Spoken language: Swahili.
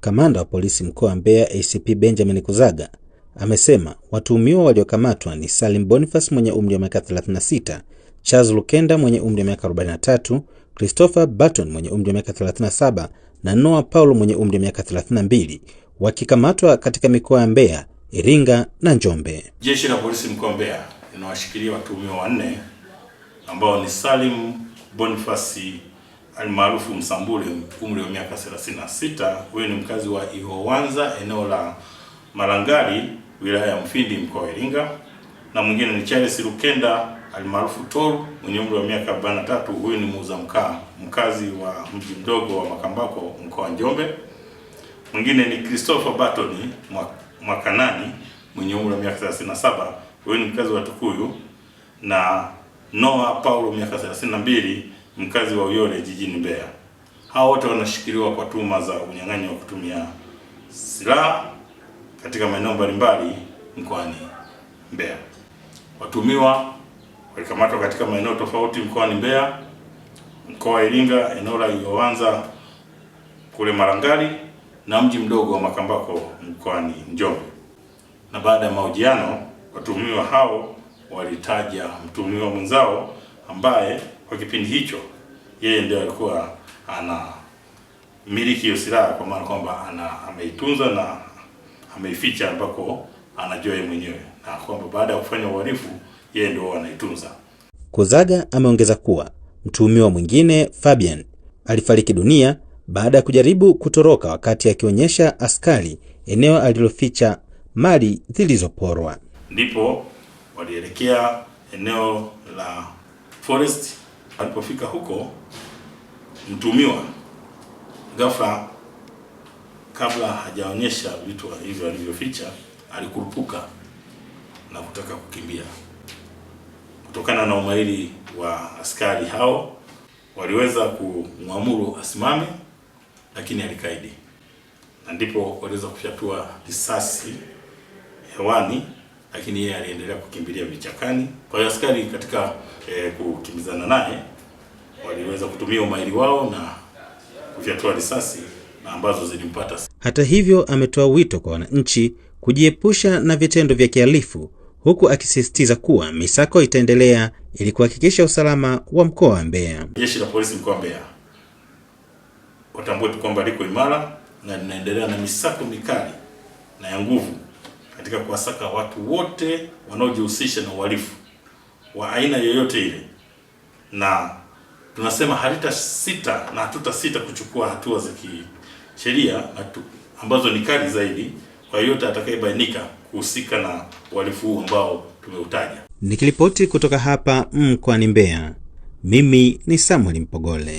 Kamanda wa polisi mkoa wa Mbeya ACP Benjamin Kuzaga amesema watuhumiwa waliokamatwa ni Salim Boniface mwenye umri wa miaka 36, Charles Lukenda mwenye umri wa miaka 43, Christopher button mwenye umri wa miaka 37 na Noah Paulo mwenye umri wa miaka 32 wakikamatwa katika mikoa ya Mbeya, Iringa na Njombe. Jeshi la polisi mkoa wa Mbeya linawashikilia watuhumiwa wanne ambao ni Salim Boniface almaarufu Msambule, umri wa miaka 36. Huyu ni mkazi wa Ihowanza, eneo la Malangali, wilaya ya Mfindi, mkoa wa Iringa. Na mwingine ni Charles rukenda almaarufu tor mwenye umri wa miaka 43. Huyu ni muuza mkaa, mkazi wa mji mdogo wa Makambako, mkoa wa Njombe. Mwingine ni Christopher Batoni Mwakanani, mwenye umri wa miaka 37. Huyu ni mkazi wa Tukuyu na Noah Paulo miaka 32 mkazi wa Uyole jijini Mbeya. Hao wote wanashikiliwa kwa tuhuma za unyang'anyi wa kutumia silaha katika maeneo mbalimbali mkoani Mbeya. Watumiwa walikamatwa katika maeneo tofauti mkoani Mbeya, mkoa wa Iringa, eneo la Iyowanza kule Marangali na mji mdogo wa Makambako mkoani Njombe. Na baada ya mahojiano, watumiwa hao walitaja mtumiwa mwenzao ambaye kwa kipindi hicho yeye ndio alikuwa ana miliki hiyo silaha, kwa maana kwamba ana ameitunza na ameificha ambako anajua yeye mwenyewe, na kwamba baada ya kufanya uhalifu yeye ndio anaitunza. Kuzaga ameongeza kuwa mtuhumiwa mwingine Fabian alifariki dunia baada ya kujaribu kutoroka wakati akionyesha askari eneo aliloficha mali zilizoporwa. Ndipo walielekea eneo la Forest alipofika huko, mtumiwa ghafla, kabla hajaonyesha vitu hivyo alivyoficha, alikurupuka na kutaka kukimbia. Kutokana na umahiri wa askari hao, waliweza kumwamuru asimame, lakini alikaidi, na ndipo waliweza kufyatua risasi hewani lakini yeye aliendelea kukimbilia vichakani. Kwa hiyo askari katika e, kukimbizana naye waliweza kutumia umahiri wao na kufyatua risasi na ambazo zilimpata. Hata hivyo, ametoa wito kwa wananchi kujiepusha na vitendo vya kihalifu, huku akisisitiza kuwa misako itaendelea ili kuhakikisha usalama wa mkoa wa Mbeya. Jeshi la polisi mkoa wa Mbeya watambue tu kwamba liko imara na linaendelea na misako mikali na ya nguvu katika kuwasaka watu wote wanaojihusisha na uhalifu wa aina yoyote ile, na tunasema halita sita na hatuta sita kuchukua hatua za kisheria ambazo ni kali zaidi kwa yoyote atakayebainika kuhusika na uhalifu huu ambao tumeutaja. Nikiripoti kutoka hapa mkoani Mbeya, mimi ni Samuel Mpogole.